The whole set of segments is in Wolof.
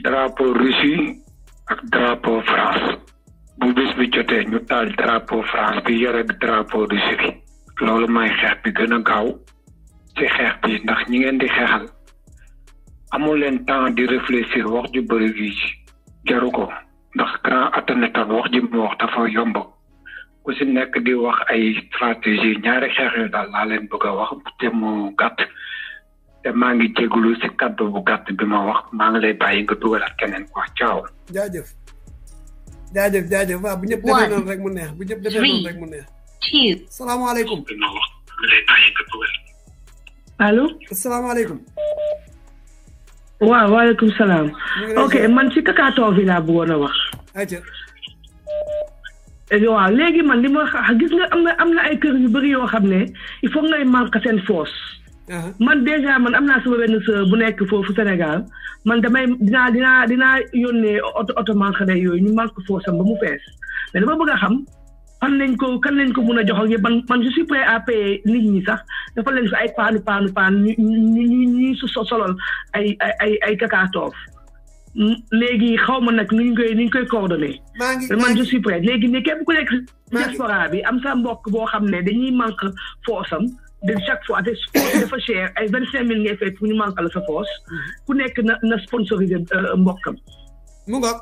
drapeau Russie ak drapeau France bu bés bi jotee ñu taal drapeau France bi yore drapeau Russie bi loolu mooy xeex bi gën a gaaw ci xeex bi ndax ñi ngeen di xeexal amul leen temps di réfléchir wax ju bëri gi ko ndax grand atténétan wax ji mu wax dafa yomb ku nekk di wax ay stratégie ñaari xeex yu daal laa leen bëgg a wax te mu gàtt te maa ngi jégalu si kaddu bu gàtt bi ma wax maa ngi lay bàyyi nga dugalaat keneen quoi caaw. jaajëf jaajëf jaajëf waaw bu ñëpp defee noonu rek mu neex bu ñëpp defee noonu rek mu neex. salaamaaleykum. allo. salaamaaleykum. waaw waaleykum salaam. ok man si kakaatoo bi laa bëggoon a wax. Eh, waaw léegi man li ma gis nga am na am na ay kër yu bëri yoo xam ne il faut ngay manqué seen force. Uh-huh. man déjà man am naa sama benn sœur bu nekk foofu Sénégal man damay dinaa dinaa dinaa yónnee oto oto xale yooyu ñu marque foo sam ba mu fees mais dama bëgg a xam fan lañ ko kan lañ ko mën a jox ak yëpp man man je suis prêt à payer nit ñi sax dafa leen fi ay paanu paanu paan ñu ñu ñu ñu su solol ay ay ay kakaatoof léegi xaw ma nag ni ñu koy koy coordonné. maa man je suis prêt léegi ne képp ku nekk diaspora bi am sa mbokk boo xam ne dañuy manque foosam de chaque fois te dafa cher ay vingt cinq mille ngay fay pour ñu manqué la sa force uh-huh. ku nekk na na sponsorisé euh, mbokkam. mu ngoog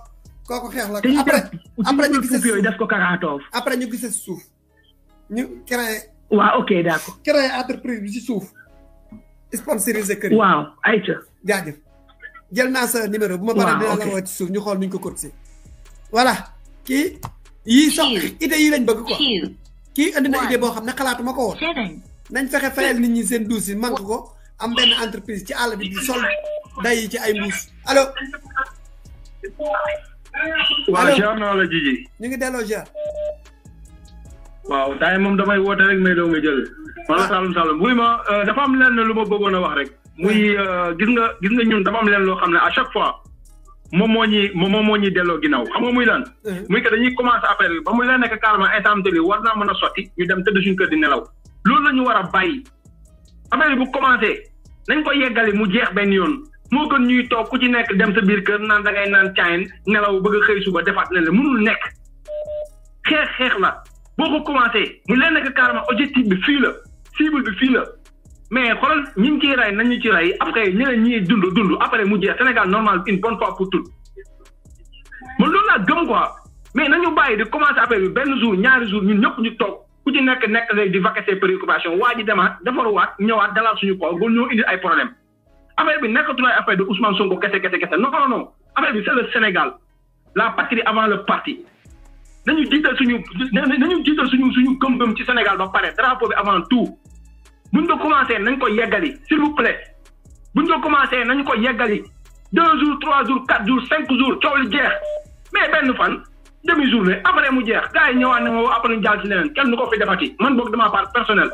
kooku xeex la après après ñu gisee yooyu def ko karaatoof. après ñu gisee suuf ñu créé. waaw ok d' accord. créé entreprise si suuf. sponsorisé kër yi waaw ayca. jaajëf jël naa sa numéro bu ma paree dinaa la suuf ñu xool nuñ ko cotisé. voilà kii yii sax idée yi lañ bëgg quoi kii andi na boo xam ne ma ko woon. nañ fexe fayal nit ñi seen douce yi manque ko am benn entreprise ci àll bi di sol day ci ay mbuus allo waaw jaar naa la jiji ñu ngi delloo jaar waaw tay moom damay woote rek may doog nga jël wala ah. salum salum wuy ma euh, dafa am lenn lu ma bëggoon a wax rek muy hmm. euh, gis nga gis nga ñun dafa am lenn loo xam ne à chaque fois moom moo ñuy moom moo ñuy delloo ginnaaw xam nga muy lan hmm. muy que dañuy commencé affaire bi ba mu leen nekk carrément instant war naa mën a sotti ñu dem tëdd suñu kër di nelaw loolu la ñu war a bàyyi affaire bu commencé nañ ko yeggali mu jeex benn yoon moo gën ñuy toog ku ci nekk dem sa biir kër naan da ngay naan caayin nelaw bëgg a xëy suba defaat ne la mënul nekk xeex xeex la boo ko commencé mu leen nekk carrément objectif bi fii la cible bi fii la mais xoolal ñi ngi ciy rey nañu ci rey après ñeneen ñi dund dund après mu jeex Sénégal normal une bonne fois pour tout man loolu laa gëm quoi mais nañu bàyyi di commencé après bi benn jour ñaari jour ñun ñu toog ku ci nekk nekk rek di vaquer ses préoccupations waa ji demaat defaruwaat ñëwaat dalal suñu kaw ba ñoo indi ay problème affaire bi de Ousmane Sonko kese non non non bi c'est le Sénégal la patrie avant le parti nañu jiital suñu nañu jiital suñu suñu ci Sénégal ba pare drapeau bi avant tout buñ ko commencé nañ ko yeggali s'il vous plaît buñ ko commencé nañ ko yeggali deux jours trois jours quatre jours cinq jours coow li jeex mais benn fan. demi journée après mu jeex gars yi ñëwaat na ma après ñu jàll ci leneen kenn du ko fi defati man boog dama part personnel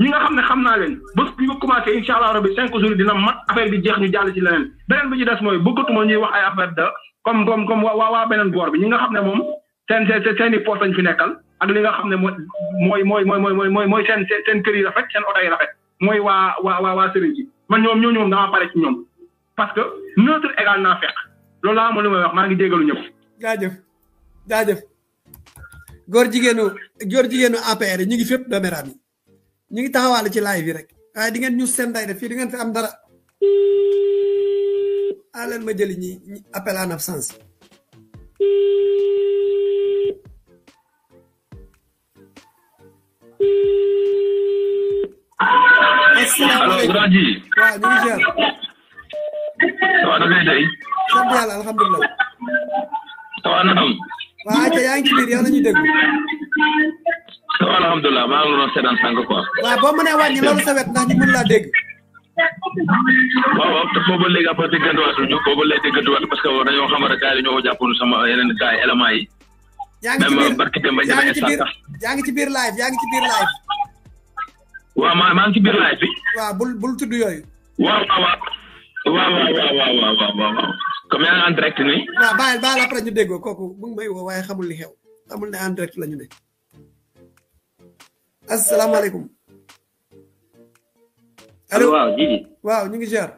ñi nga xam ne xam naa leen bés bi nga commencé incha allah rabi cinq jours dina mat affaire bi jeex ñu jàll ci leneen beneen bi ci des mooy bëggatuma ñuy wax ay affaire de comme comme comme waa waa beneen boor bi ñi nga xam ne moom seen seen seen i poste lañ fi nekkal ak li nga xam ne mooy mooy mooy mooy mooy mooy mooy seen seen kër yi rafet seen oto yi rafet mooy waa waa waa waa sëriñ ji man ñoom ñoo ñoom dama pare ci ñoom parce que neutre égal naa fekk loolu laa ma lu may wax maa ngi jégalu ñëpp jaajëf jaajëf goor jigéenu goor jigéenu APR yi ñu ngi fépp doomeraam yi ñu ngi taxawal ci live yi rek waaye di ngeen ñu seen day def fi di ngeen fi am dara alal ma jëli ñi appel en absence asalaamaaleykum Waalaikumsalam. Waalaikumsalam. Waalaikumsalam. Waalaikumsalam tawanam Wah, ca yaa ngi ci biir yow lañu dégg alhamdulillah maa ngi doon seetaan sànq quoi waaw boo mënee wàññi loolu sa wet ndax ñu mën laa dégg waaw waaw te boobu léegi après déggantuwaatu ñu boobu léegi déggantuwaatu parce que dañoo xam ne gars yi ñoo ko jàppoon sama yeneen Wah, yi éléments yi yaa Wah, live yaa ngi live bul bul tudd Wah, wah, wah, wah, wah, wah, wah, wah. comme yaa ngi en direct nii. waaw bàyyil baal après ñu déggoo kooku mu may woo waaye xamul li xew xamul ne en direct la ñu ne asalaamaaleykum. waaw Djily. waaw ñu ngi ziar.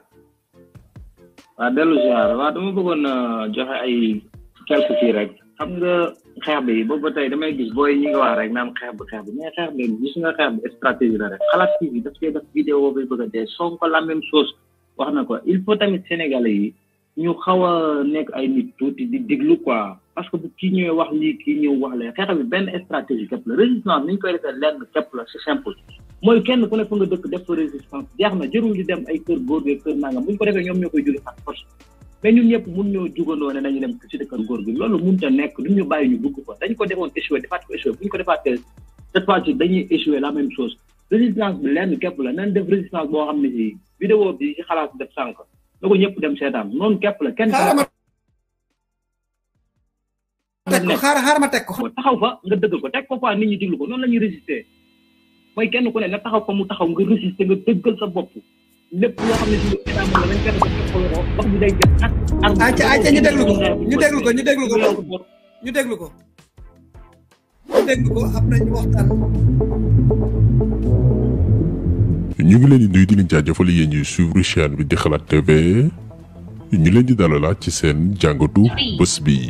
waaw dellu ziar waaw dama bëggoon euh, joxe ay quelques kii rek xam nga xeex bi boobu ba tey damay gis booy ñi nga wax rek naan xeex bi xeex bi mais xeex bi gis rek xalaat TV daf koy def vidéo bi bëgg dee Sonko la même wax na ko il faut tamit Sénégalais yi. ñu xaw a nekk ay nit tuuti di déglu quoi parce que bu kii ñëwee wax lii kii ñëw wax la xeex bi benn stratégie képp la résistance ni ñu koy defee lenn képp la c'est simple mooy kenn ku ne fa nga dëkk def fa résistance jeex na jërul di dem ay kër góor gi kër nangam bu ñu ko defee ñoom ñoo koy jóge sax force mais ñun ñëpp mun ñoo jugandoo ne nañu dem ci kër góor gi loolu mun ta nekk duñ ñu bàyyi ñu bugg ko dañ ko defoon échoué defaat ko échoué bu ñu ko defaat cette fois ci dañuy échoué la même chose résistance bi lenn képp la nañ def résistance boo xam ne si vidéo bi ci xalaat def sànq na ko ñëpp dem seetaan noonu képp la kenn. xaaral ma teg ko xaaral ma teg ko. taxaw fa nga dëgg ko teg ko quoi nit ñi déglu ko noonu la ñuy résister mooy kenn ku ne na taxaw fa mu taxaw nga résister nga dëggal sa bopp lépp loo xam ne si état moom la dañ fekk ko teg ko loxo wax bi day jël ak. ayca ayca ñu déglu ko ñu déglu ko ñu déglu ko ñu déglu ko. ñu déglu ko après ñu waxtaan. ñu ngi leen di nuyu di leen jaajëfal yéen ñuy suivre chaîne bi di xalaat TV ñu leen di dalalaat ci seen jàngatu bés bi.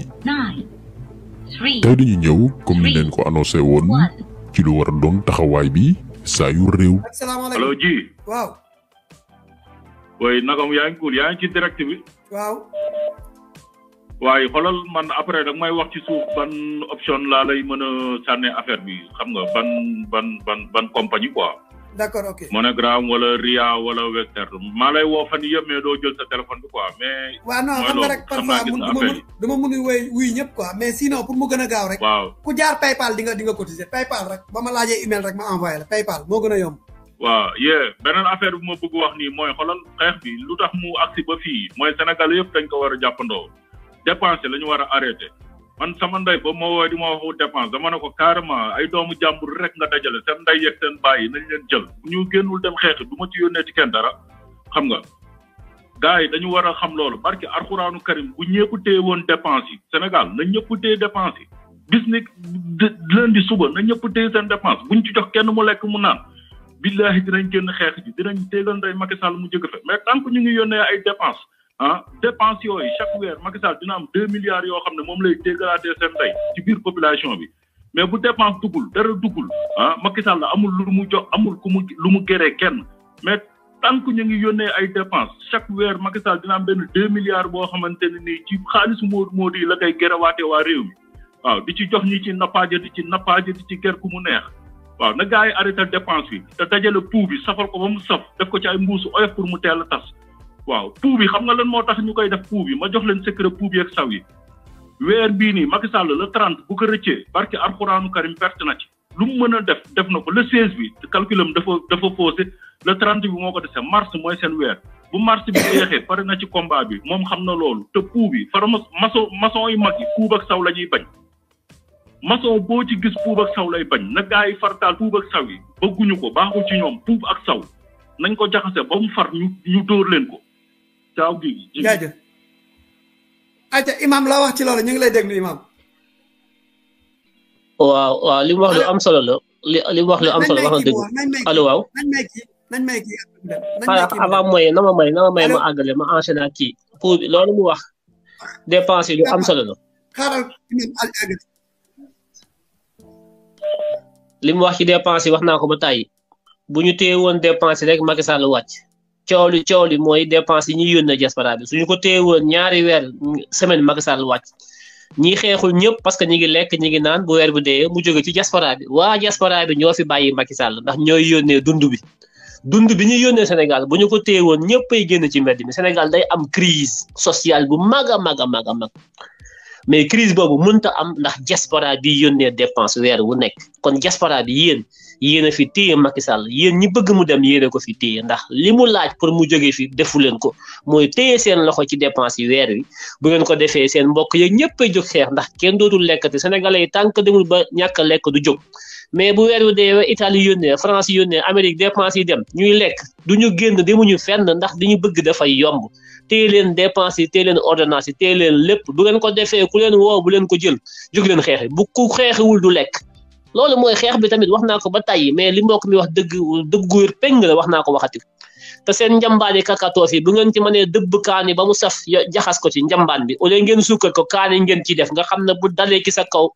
tey dañu ñëw comme ni leen ko annoncé woon ci lu war a doon taxawaay bi saa yu réew. allo ji. waaw. waaye yaa ngi ci direct bi. waaw. waaye xoolal man après dag may wax ci suuf ban option laa lay mën a sànnee affaire bi xam nga ban ban ban ban compagnie quoi. d'accord ok monogram wala ria wala vecteur maa lay woo fan yëpp mais doo jël sa téléphone bi quoi mais. waaw non xam nga rek parfois mun dama mun dama mun wuy wuy ñëpp mais sinon pour mu gën a gaaw rek. waaw ku jaar paypal di nga di nga cotiser paypal rek ba ma laajee email rek ma envoyé la paypal moo gën a yomb. waaw yee beneen affaire bu ma bugg wax nii mooy xoolal xeex bi lu tax mu agsi ba fii mooy Sénégal yëpp dañ ko war a jàppandoo dépenser la ñu war a arrêté. man sama ndey ba ma woo di ma waxu dépense dama ne ko carrément ay doomu jàmbur rek nga dajale seen ndey yeeg seen bàyyi nañ leen jël bu ñu génnul dem xeex du ma ci yónnee ci kenn dara xam nga gars yi dañu war a xam loolu barki arxuraanu karim bu ñëpp téye woon dépense yi Sénégal na ñëpp téye dépense yi bis ni lundi suba na ñëpp téye seen dépense buñ ci jox kenn mu lekk mu naan billahi dinañ génn xeex ji dinañ téegal ndey Macky Sall mu jëg fe mais tant ñu ngi yónnee ay dépense ah dépense yooyu chaque weer Macky Sall dina am deux milliards yoo xam ne moom lay déggalaatee seen tey ci biir population bi mais bu dépense duggul dara duggul ah Macky Sall la amul lu mu jox amul ku mu lu mu géree kenn mais tank ñu ngi yónnee ay dépense chaque weer Macky Sall benn deux milliards boo xamante ne nii ci xaalisu Modou Modou yi la koy gérewaatee wa réew mi waaw di ci jox ñi ci nappaaje di ci nappaaje di ci ger ku mu neex waaw na gars yi arrêté dépense bi te dajale pou bi safal ko ba mu saf def ko ci ay mbuusu oyof pour mu teel a tas waaw pou bi xam nga leen moo tax ñu koy def pou yi ma jox leen secret pou bi ak saw yi weer bii nii Macky la le 30 bu ko rëccee barke alxuraanu Karim perte na ci. lu mu mën a def def na ko le 16 bi calculam dafa dafa faussé le 30 bi moo ko dese mars mooy seen weer bu mars bi jeexee pare na ci combat bi moom xam na loolu te pou bi farama maçon maçon yi mag yi puub ak saw la ñuy bañ. maçon boo ci gis puub ak saw lay bañ na gaa yi fartaal puub ak saw yi bëgguñu ko baaxul ci ñoom puub ak saw nañ ko jaxase ba far ñu ñu dóor leen ko. caaw gi. jaajëf ayca wax ci loolu ñu ngi lay waaw waaw li mu wax lu am solo la li li wax lu am solo wax dëgg allo waaw. avant mooy na ma may na ma may ma àggale ma enchaîné ak kii pour mu wax dépense yi lu am solo la. li wax ci dépense yi wax naa ko ba tàyyi bu ñu téye woon dépense rek Macky Sall wàcc. coow li coow li mooy dépense yi ñuy yónnee diaspora bi suñu ko téye woon ñaari weer semaine Macky Sall wàcc ñi xeexul ñëpp parce que ñi ngi lekk ñi ngi naan bu weer bi dee mu jóge ci diaspora bi waa diaspora bi ñoo fi bàyyi Macky Sall ndax ñooy yónnee dund bi dund bi ñuy yónnee Sénégal bu ñu ko téye woon ñëppay génn ci mbedd mi Sénégal day am crise sociale bu mag a mag a mag a mag mais crise boobu mënta am ndax diaspora bi yónnee dépense weer wu nekk kon diaspora bi yéen yéen a fi téye Macky Sall yéen ñi bëgg mu dem yéen ko fi téye ndax li mu laaj pour mu jógee fi defu leen ko mooy téye seen loxo ci dépense yi weer wi bu ngeen ko defee seen mbokk yeeg ñëpp a jóg xeex ndax kenn dootul lekkati sénégalais yi tànk demul ba ñàkk lekk du jóg mais bu weer wi dee Italie yónnee France yónnee Amérique dépense yi dem ñuy lekk du ñu génn ñu fenn ndax di ñu bëgg dafay yomb téye leen dépense yi téye leen ordonnance yi leen lépp bu ngeen ko defee ku leen woo bu leen ko jël jugleen leen xeexi bu ku xeexiwul du lekk loolu mooy xeex bi tamit wax naa ko ba tàyyi mais li mbokk mi wax dëgg dëgguwér péng la wax naa ko waxati te seen njambaani kakatoo fi bu ngeen ci mënee dëbb kaani ba mu saf jaxas ko ci njambaan bi au lieu ngeen suukar ko kaani ngeen ciy def nga xam ne bu dalee ci sa kaw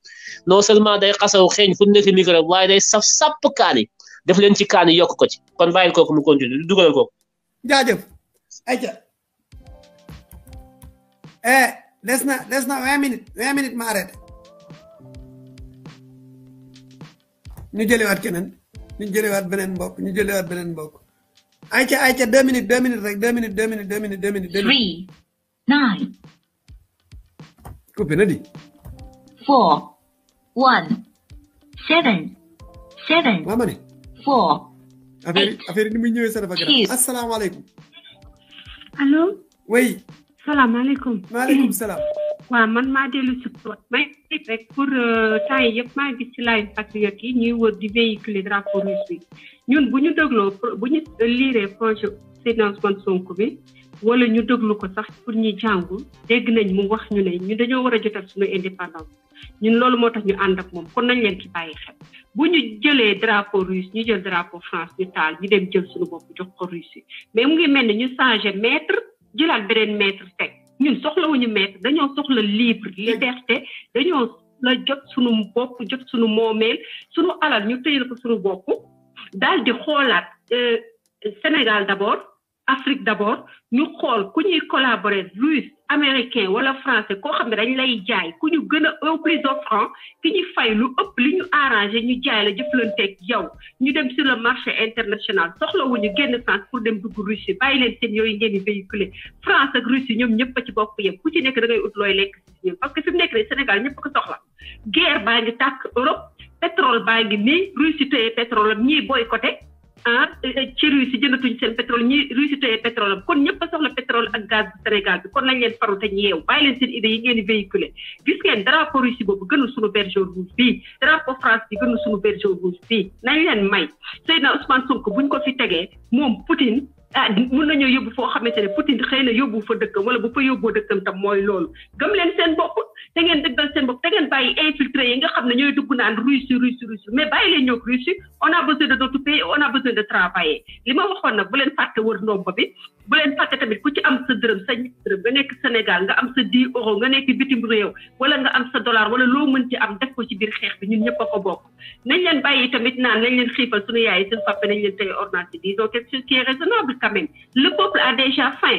non seulement day xasaw xeeñ fu nekk microbe waaye day saf sàpp kaani def leen ci kaani yokk ko ci kon bàyyil ko mu continue dugalal kooku Eh, let's not let's not wait a minute wait a minute maareete ñu jëlewaat keneen ñu jëlewaat beneen mbokk ñu jëlewaat beneen mbokk ayca ayca deux minutes deux minutes rek deux minutes deux minutes deux minutes deux minutes three nine coupé na di four one seven seven waa ma ne four affaire affaire ni muy ñëwee sa dafa gën asalaamaaleykum allo oui salaamaaleykum. maaleykum salaam. waaw man maa dellu si tuwaat may rek pour uh, temps yi yëpp maa gis ci live patriote yi ñuy wër di véhiculer drapeau russe bi ñun bu ñu dégloo bu ñu liiree projet Seydina Ousmane Sonko bi wala ñu déglu ko sax pour ñuy jàngu dégg nañ mu wax ñu ne ñu dañoo war a jotal suñu indépendance ñun loolu moo tax ñu ànd ak moom kon nañ leen ci bàyyi xel bu ñu jëlee drapeau russe ñu jël drapeau France ñu taal ñu dem jël suñu bopp jox ko russe mais mu ngi mel ñu changé maître jëlaat beneen maître teg ñun soxlawuñu maître dañoo soxla libre liberté dañoo la jot suñu bopp jot suñu moomeel suñu alal ñu tëyal ko suñu bopp daal di xoolaat euh, Sénégal d'abord Afrique d'abord ñu xool ku ñuy collaborer Louis américain wala français koo xam ne dañ lay jaay ku ñu gën a au plus offrant ki ñu fay lu ëpp li ñu arrangé ñu jaay la jëflanteeg yow ñu dem sur le marché international ñu génn France pour dem dugg Russie bàyyi leen seen yooyu ngeen di véhiculer France ak Russie ñoom ñëpp a ci bokk yem ku ci nekk da ngay ut looy lekk si parce que fi mu nekk nii Sénégal ñëpp ko soxla guerre baa ngi tàkk Europe pétrole baa ngi nii Russie téye pétrole am ñii boycotté ah ci Russie jëndatuñ seen pétrole ñi Russie tey pétrole am kon ñëpp a soxla pétrole ak gaz bu Sénégal bi kon lañ leen faru te ñeew bàyyi leen idée yi ngeen véhiculer gis ngeen drapeau Russie boobu gënul suñu bergeau rouge bii drapeau France bi gënul suñu bergeau rouge bii nañ leen may Seydina Ousmane Sonko buñ ko fi tegee moom Poutine ah mun nañoo yóbbu foo xamante ne Poutine xëy na yóbbu fa dëkkam wala bu fa yóbboo dëkkam tam mooy loolu gëm leen seen bopp te ngeen dëggal seen bopp te ngeen bàyyi infiltré yi nga xam ne ñooy dugg naan Russie Russie Russie mais bàyyi leen ñoo Russie on a besoin de notre pays on a besoin de travailler li ma waxoon nag bu leen fàtte wër ndomb bi bu leen fàtte tamit ku ci am sa dërëm sa ñetti nga nekk Sénégal nga am sa 10 euro nga nekk bitim réew wala nga am sa dollar wala loo mën ci am def ko ci biir xeex bi ñun ñëpp a ko bokk nañ leen bàyyi tamit naan nañ leen xiifal suñu yaay seen papa nañ leen tey ordonnance disons o chose qui est raisonnable quand même le peuple a déjà faim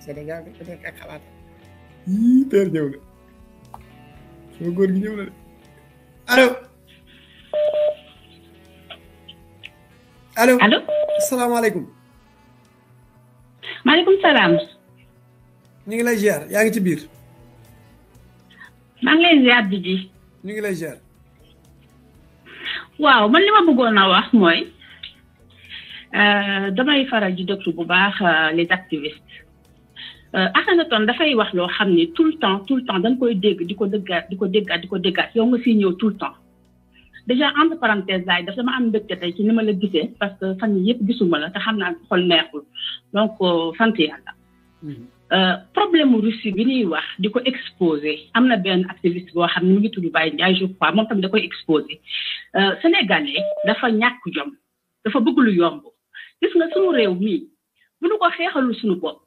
Sénégal nekk ak xalaat yii teer ñëw na sama góor gi ñëw na de allo allo allo salaamaaleykum maaleykum salaam ñu ngi lay ziar yaa ngi ci biir maa ngi lay ziar di ji ñu ngi lay ziar waaw man li ma bëggoon a wax mooy eh, damay faral di déglu bu baax eh, les activistes Euh, Akhenaton dafay wax loo xam ni tout le temps tout le temps dañ koy dégg di ko déggaat di ko déggaat di ko déggaat yow nga fiy ñëw tout le temps déjà entre parenthèses laay daf dama am mbégte tey ci ni ma la gisee parce que fan yi yëpp gisuma la te xam naa xol neexul donc euh, sant yàlla. Mm-hmm. Euh, problème mu Russie bi ñuy wax di ko exposé am na benn activiste boo xam ne mu ngi tudd Baye Ndiaye je crois moom tamit da koy exposé Sénégalais dafa ñàkk jom dafa bëgg lu yomb gis nga suñu réew mii bu ñu ko xeexalul suñu bopp.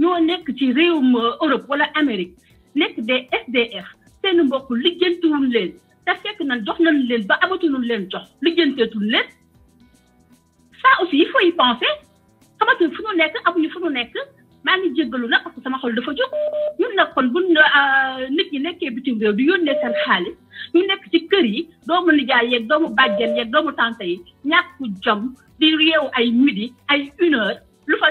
ñoo nekk ci réewum euh, Europe wala Amérique nekk des SDF seen mbokk lijjantiwul leen te fekk nañ leen ba amatuñu leen jox lijjanteetul leen ça aussi il faut y penser xamante fu ñu nekk amuñu fu ñu nekk maa ngi jéggalu nag parce que sama xol dafa jóg ñun nag kon bu euh, nit ñi nekkee bitim réew di yónnee seen xaalis ñu nekk ci kër yi doomu nijaay yeeg doomu bàjjen yeeg doomu tante yi ñàkk jom di ay midi ay heure lu fa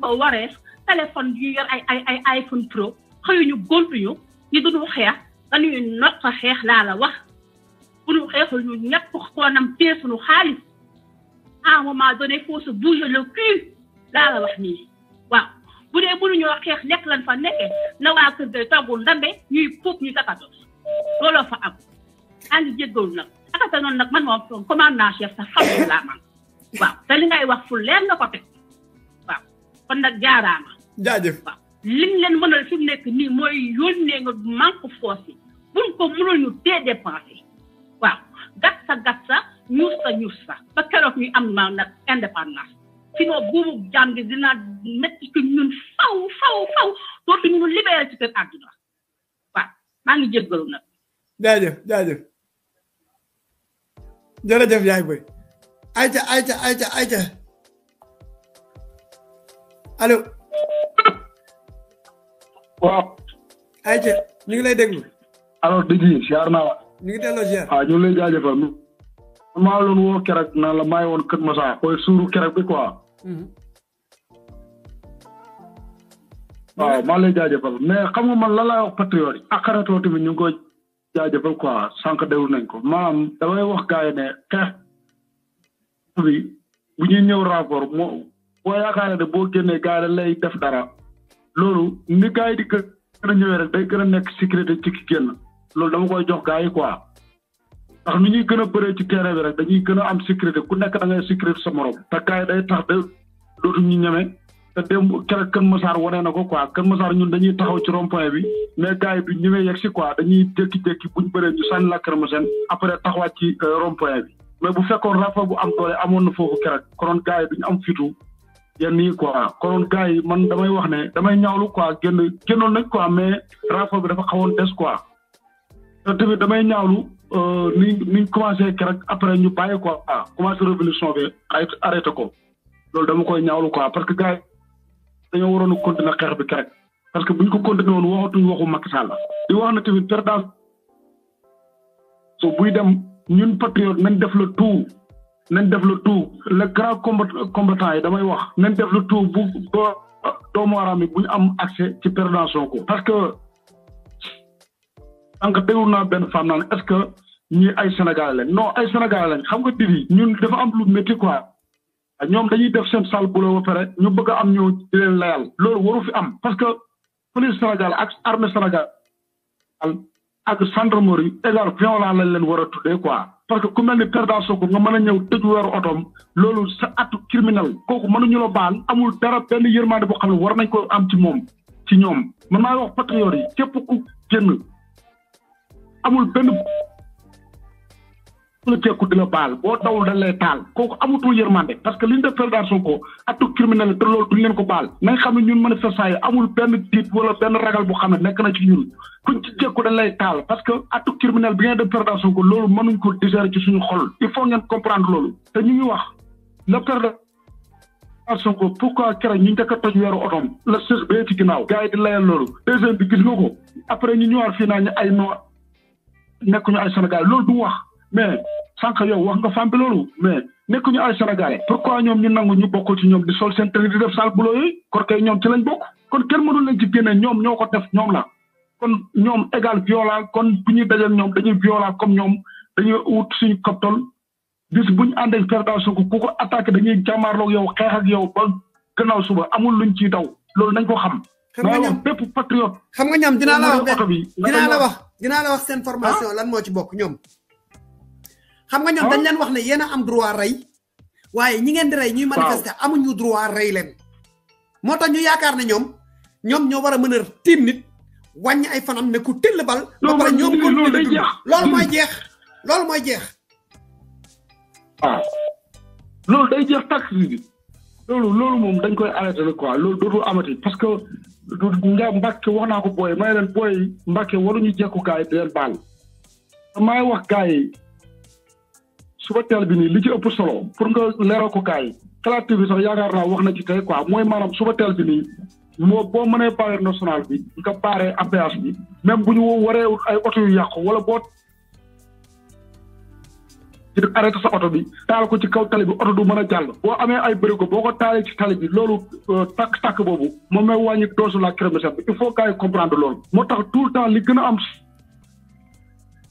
ko téléphone yu yor ay ay ay iPhone Pro xëyuñu gontuñu ñu duñu xeex dañuy not xeex laa la wax bu xeex xeexul ñu ñëpp xoonam tee suñu xaalis à un moment donné faut se bouger le cul laa la wax nii waaw bu dee mënuñoo xeex nekk lan fa nekkee na waa kër ga toggul ndambe ñuy puub ñu takatoo looloo fa am ànd jéggalu nag akata noonu nag man moom commandant chef sax xamul laa man waaw te wax fu leer nga ko teg waaw kon nag jaaraama jaajëf waaw lim leen mënal fi mu nekk nii mooy yónnee nga manque force yi buñ ko mënul ñu tee dépensé waaw gat sa gat sa ba keroog ñu am ma nag indépendance sinon buumu jàmm gi dina métti ñun faw faw faw dootu ñu libéré ci kër àdduna waaw maa ngi jéggalu nag jaajëf jaajëf jërëjëf yaay boy ayca ayca ayca ayca waaw. ayca ñu ngi lay déglu. alors dëgg ziar naa la. ñu ñu lay jaajëfal. maa ngi doon woo keroog la maa ngi woon Kër Masar. mooy suuru keroog bi quoi. Mhm. waaw maa ngi lay jaajëfal mais xam nga man lan laay wax patriote yi. ak ñu ngi koy jaajëfal quoi sànq déglu nañ ko maanaam damay wax gars yi ne xeex bi bu ñuy ñëw rapport moo boo yaakaar ne boo génnee gars lay def dara. loolu ni gars yi di gën a ñëwee rek day gën a nekk sécurité ci ki génn loolu dama koy jox gars yi quoi ndax nu ñuy gën a bëree ci terrain bi rek dañuy gën a am sécurité ku nekk da ngay sécurité sa morom. te day tax de dootuñu ñeme te démb keroog Kër Masar wane na ko quoi Kër Masar ñun dañuy taxaw ci rond bi mais gars yi bi ñëwee yegg si quoi dañuy jékki-jékki buñ bëree ñu sànni la Kër Masar après taxawaat ci euh, rond bi mais bu fekkoon rapport bu am doole amoon na foofu keroog konoon gars yi duñ am fitu yenn yi quoi konoon gars man damay wax ne damay ñaawlu quoi génn génnoon nañ quoi mais rapport bi dafa xawoon des quoi te tamit damay ñaawlu euh, ni niñ commencé keroog après ñu bàyyi quoi ah commencé révolution bi ay ko loolu dama koy ñaawlu quoi parce que gars yi dañoo waroon a continuer xeex bi keroog parce que buñ ko continuer woon waxatuñ waxu Macky Sall di wax na tamit perdance so buy dem ñun patriote nañ def le tout nañ def le tout le grand combattant yi damay wax nañ def le tout bu ba doomu aram bu ñu am accès ci prévention ko parce que sànq déglu na benn femme naan est-ce que ñii ay Sénégalais lañ non ay Sénégalais lañ xam nga didi ñun dafa am lu métti quoi ñoom dañuy def seen sale boulot ba pare ñu bëgg am ñoo leen layal loolu waru fi am parce que police Sénégal ak armée Sénégal ak gendarmerie égal violent lañ leen war a tuddee quoi parce que ku mel ni père Sonko nga mën a ñëw tëj weeru otoom loolu sa atu criminel kooku mënuñu la baal amul dara benn yërmande boo xam ne war nañ ko am ci moom ci ñoom man maay wax patriote yi képp ku génn amul benn la tekku dina baal boo dawul dañ lay taal kooku amatul yërmande parce que li ñu def Président Sonko acte criminel te loolu duñ leen ko baal nañ xam ne ñun manifestants yi amul benn tiit wala benn ragal bu xam ne nekk na ci ñun kuñ ci jekku dañ lay taal parce que acte criminel bi ngeen def Président Sonko loolu mënuñ ko digérer ci suñu xol il faut ngeen comprendre loolu te ñu ngi wax le Président Sonko pourquoi keroog ñu la sës bee ci ginnaaw gis nga ko après ñu ñëwaat fii naa ñu ay noo nekk ñu ay Sénégal loolu du wax mais sànq yow wax nga fàmbi loolu mais nekk ñu ay sénégalais pourquoi ñoom ñu nangu ñu bokkul ci ñoom di sol seen tënk di def sal bulo yooyu ñoom ci lañ bokk kon kenn mënul leen ci génne ñoom ñoo ko def ñoom la kon ñoom égal viola kon bu ñuy dajal ñoom dañuy viola comme ñoom dañuy wut suñu koptol bis buñ ànd ak fédération ku ko attaqué dañuy jàmmaarloog yow xeex ak yow ba gannaaw suba amul luñ ciy daw loolu nañ ko xam xam nga ñoom bépp patriote xam nga ñoom dinaa la wax dinaa la wax dinaa formation ah? lan moo ci bokk ñoom xam nga ñoom dañ ah. leen wax na yéen am droit rey waaye ñi ngeen di rey ñuy manifester amuñu droit rey leen moo tax ñu yaakaar ne ñoom ñoom ñoo war a mën a tiim nit wàññi ay fanam ne ku tëll bal ba pare ñoom kon loolu mooy jeex loolu mooy jeex waaw ah. loolu day jeex tax loolu loolu moom dañ koy arrêté la quoi loolu dootul amati parce que nga Mbacke wax naa ko booy may leen booy Mbacke waruñu jekku gars yi di leen baal damay wax gars suba teel bi ni li ci ëpp solo pour nga leeral ko kaay xalaat tv sax yaakaar naa wax na ci tey quoi mooy maanaam suba bi ni moo boo mënee pare national bi nga pare APS bi même bu ñu waree ay oto yu yàqu wala boo ci arrêté sa oto bi taal ko ci kaw tali bi oto du mën a jàll boo amee ay bërigo boo ko taalee ci tali bi loolu euh, tàkk-tàkk boobu moom may wàññi doosu la crémesère bi il faut gars comprendre loolu moo tax tout le temps li gën a am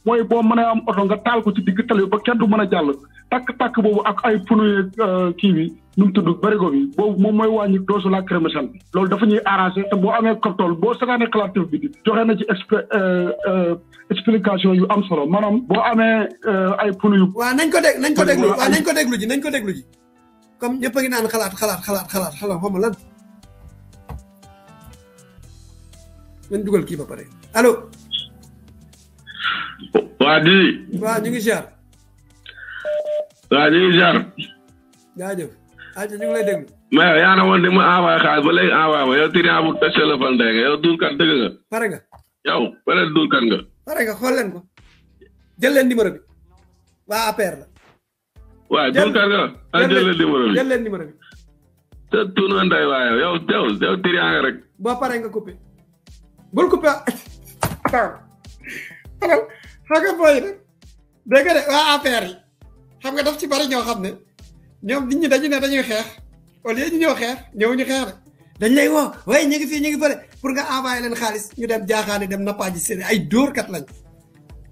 mooy boo mën mënee am oto nga taal ko ci digg tali ba kenn du mën a jàll tàkk-tàkk boobu ak ay pneu euh, kii bi nu mu tudd barigo bi boobu moom mooy wàññi doosu lacrymogène bi loolu dafa ñuy arrangé te boo amee cocktail boo sagaanee collectif bi di joxe na ci euh, euh, explication yu am solo maanaam boo amee ay pneu yu. waaw nañ ko dégg nañ ko degg waaw nañ ko degg ji nañ ko déglu ji comme ñëpp a ngi naan xalaat xalaat xalaat xalaat xalaat xaw ma lan. nañ dugal kii ba pare waa di. waaw ñu ngi ziar. waaw ñu ngi ziar. jaajëf. ñu ngi lay yaa na woon ma envoyé xaalis ba léegi envoyé ma yow Tiriya bu tase la fan dégg nga yow duul kan dëgg nga. pare nga. yow beneen duul kan nga. pare nga xool leen ko. jël leen numéro bi. waa APR la. waaw duul kan nga. Ah, jël jël leen numéro bi jël leen numéro bi. te tunu nday waa yow yow yow yow Tiriya nga rek. boo pare nga coupé. bul coupé. xam nga booy nag dégg nga de waa APR yi xam nga daf ci bari ñoo xam ne ñoom nit ñi dañu ne dañuy xeex au lieu ñu ñëw xeex ñu xeex rek dañ lay woo way ñu ngi fii ñu ngi fële pour nga envoyé leen xaalis ñu dem jaaxaani dem nappaaji seen ay kat lañ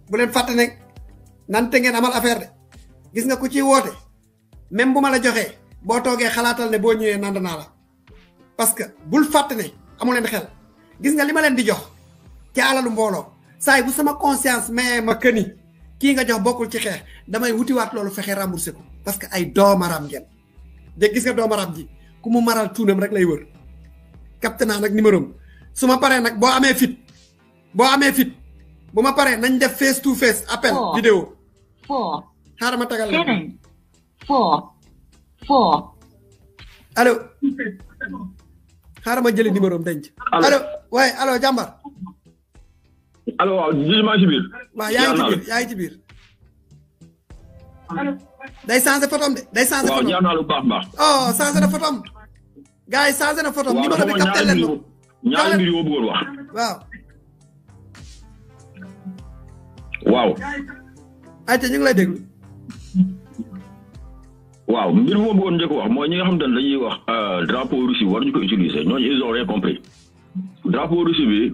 bu leen fàtte ne nante ngeen amal affaire de gis nga ku ci woote même bu ma la joxee boo toogee xalaatal ne boo ñëwee nand naa la parce que bul fàtte ne amu leen xel gis nga li ma leen di jox ci alalu mbooloo saa bu sama conscience mais ma keni ki nga jox bokul ci xex damay wat lolu fexé rembourser ko parce que ay doomaram ngeen de gis nga doomaram ji ku mu maral tunam rek lay wër capté nak numéro suma paré nak bo amé fit bo amé fit bu ma nañ def face to face appel vidéo four xaaral ma tagal four four allo xaaral ma numéro am denc allo waaye allo jambar. allo waaw gisuma ci biir. waaw yaa ngi ci biir yaa ngi ci biir. day changé photom de day changé photom waaw ñaan naa lu baax baax. oh changé na photom. gars yi changé na photom. waaw numéro bi capté leen ko ñaari mbir yoo bëggoon wax. waaw. waaw. ayca ñu ngi lay déglu. waaw mbir moo bëggoon njëkk wax mooy ñi nga xam te ne dañuy wax euh, drapeau Russie war ñu ko utiliser ñooñu ils ont rien compris drapeau Russie bi.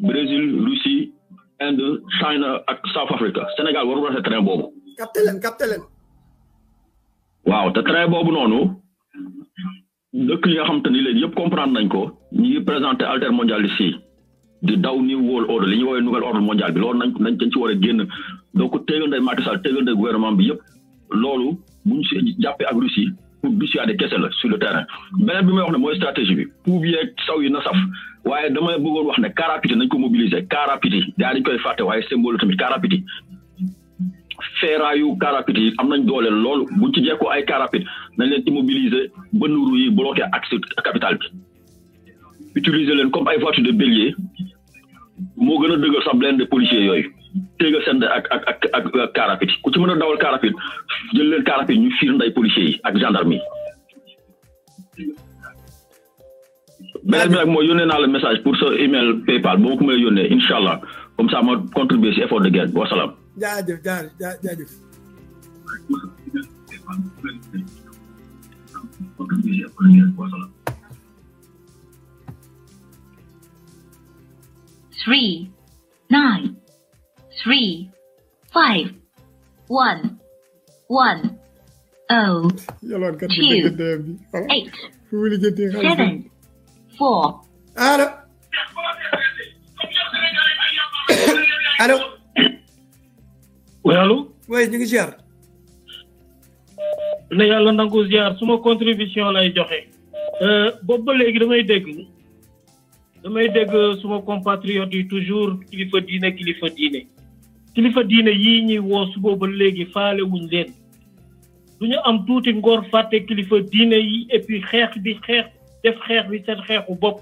Brésil Russie Inde China ak South Africa Sénégal warul rafet train boobu. capté leen waaw te train boobu noonu dëkk yi nga xam te ni léegi yëpp comprendre nañ ko ñu ngi présenté alter mondialiste si di daw ni world order li ñuy woowee nouvel ordre mondial bi loolu nañ nañ dañ ci war a génn donc téegal ndey Macky Sall téegal gouvernement bi yëpp loolu bu ñu jàppee ak Russie pour bis yaa de kese la sur le terrain beneen bi may wax ne mooy stratégie bi pour yeeg saw yi na saf waaye damay bëggoon wax ne car rapide nañ ko mobiliser car rapide daa dañ koy fàtte waaye symbole tamit car rapide feeraayu car rapide yi am nañ doole loolu buñ ci jekkoo ay car rapide nañ leen immobiliser ba nuru yi bloqué accès capital bi utiliser leen comme ay voiture de bélier moo gën a dëgg sax blende policier yooyu téega send ak ak ak ak car rapide ku ci mën a dawal car rapide jël leen car rapide ñu fiir nday policiers yi ak gendarme yi beneen bi nag mooy yónnee naa la message pour sa email paypal ba ma ko may yónnee incha allah comme ça ma contribuer si effort de guerre bi wasalaam. jaajëf jaajëf jaajëf. three nine. three, five, one, one, oh, two, eight, seven, four. Alo. Alo. Oui, allô? Oui, ñu ngi ziar. na yàlla nangu ziar suma contribution lay joxe. Euh, boobu ba léegi damay dégg damay dégg suma compatriote yi toujours kilifa diine kilifa diine. kilifa diine yii ñuy woo suba ba léegi faale wuñ leen du ñu am tuuti ngor fàtte kilifa diine yi et puis xeex bi xeex def xeex bi seen xeexu bopp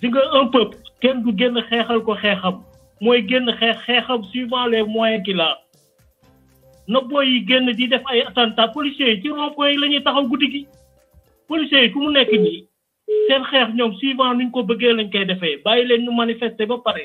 di nga un peuple kenn du génn xeexal ko xeexam mooy génn xeex xeexam suivant les moyen qu'il a na booy génn di def ay attentat policiers yi ci rond-point yi la ñuy taxaw guddi gi policiers yi fu mu nekk nii seen xeex ñoom suivant nuñ ko bëggee lañ koy defee bàyyi leen nu manifester ba pare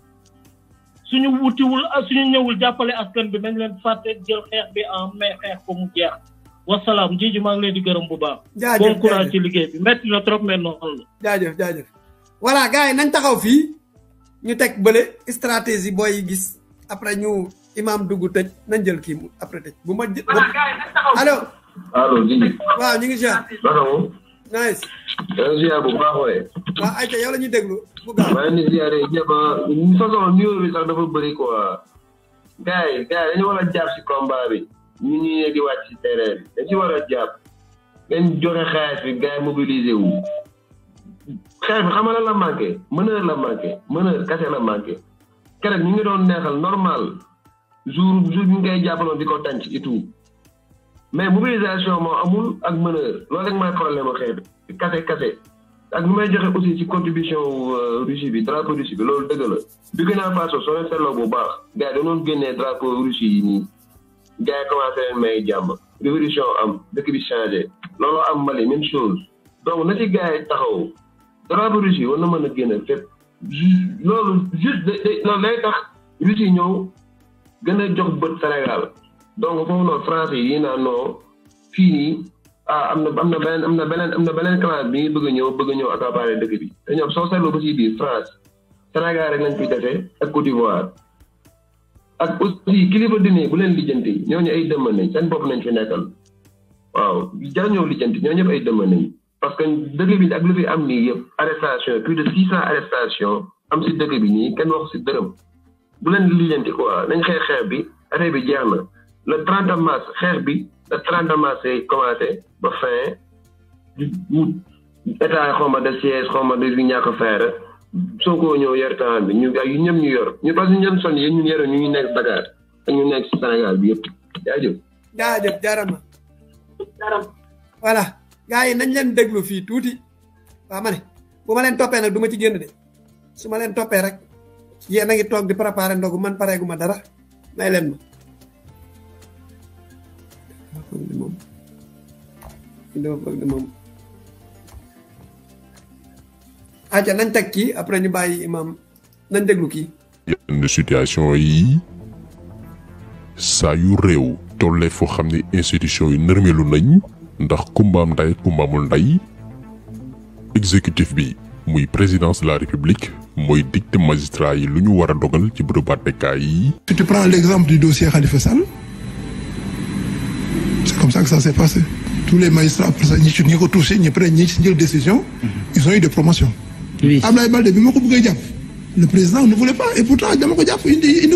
suñu wutiwul ah, suñu ñewul jappalé askan bi nañ leen faté jël xex bi en mai xex ko mu jeex wasalaam jiji ma ngi lay di gërëm bu baax bon courage ci liggéey bi metti na trop mais non la jaajëf jaajëf voilà gars nañ taxaw fi ñu tek bële stratégie boy yi gis après ñu imam dugu tej nañ jël ki après tej bu ma allo allo jiji waaw ñi ngi jaar nice ziar bu baax waaw ayca yow la ñuy déglu. maa ngi sax dafa bëri quoi. gars yi dañu war a jàpp si combat bi. ñu ñuy di wàcc si terrain bi war a jàpp. ngeen joxe xaalis bi gars yi mobilisé bi xamal la manqué meneur la manqué meneur kese la manqué. keroog ñu ngi doon neexal normal jour jour ñu ngi koy di ko tànc et tout. mais mobilisation moo amul ak meneur loolu rek mooy problème mu bi kase kase. ak nu may joxe aussi ci contribution euh, Russie bi drapeau Russie bi loolu dëgg la Burkina Faso soo leen bu baax gars yi dañoo génnee drapeau Russie yi nii gars commencé may jàmm révolution am dëkk bi changé looloo am Mali même chose donc na ci gars yi taxaw drapeau Russie war na mën a génne fépp loolu juste loolu lay tax Russie ñëw gën a jox bët Sénégal donc foofu noonu français yi naan non fii nii ah am na am na beneen am na beneen am na beneen classe bi bëgg a ñëw bëgg a ñëw accaparer dëkk bi te ñoom soo seetloo ba ci biir France Sénégal rek lañ koy defee ak Côte d'Ivoire ak aussi kilifa dine bu leen lijjanti ñooñu ay dëmm nañ seen bopp nañ fi nekkal waaw jar ñoo lijjanti ñoo ñëpp ay dëmm parce que dëkk bi ak lu am nii yëpp arrestation plus de six cent arrestation am si dëkk bi nii kenn waxu si dërëm bu leen lijjanti quoi nañ xeex xeex bi affaire bi jeex na le 30 xeex bi. le 30 mars yi commencé ba fin août état xaw de siège xaw ma de yu ñàkk feere soo ko ñëw yor temps bi ñu ak yu ñëm ñu yor ñu parce que son yi ñu yore ñu ngi nekk Dakar ak ñu nekk Sénégal bi yëpp jarama jarama voilà gars nañ leen déglu fii tuuti waa ma bu ma leen di préparer ndogu man bëgg na moom li ma bëgg na moom aca nañ teg kii après ñu bàyyi imam nañ déglu kii yenn situation yi saa yu réew tollee foo xam ne institution yi nërmelu nañ ndax kumbaam nday kumbaamul nday exécutif bi muy présidence de la république mooy dicte magistrat yi lu ñu war a dogal ci bërëb àttekaay yi. tu prends l'exemple du dossier Khalifa Sall. C'est comme ça que ça s'est passé. Tous les magistrats, après ça, ni retouché, ni prennent ni décision, mhm. ils ont eu des promotions. Oui. Ah, le président ne voulait pas, et pourtant, il ne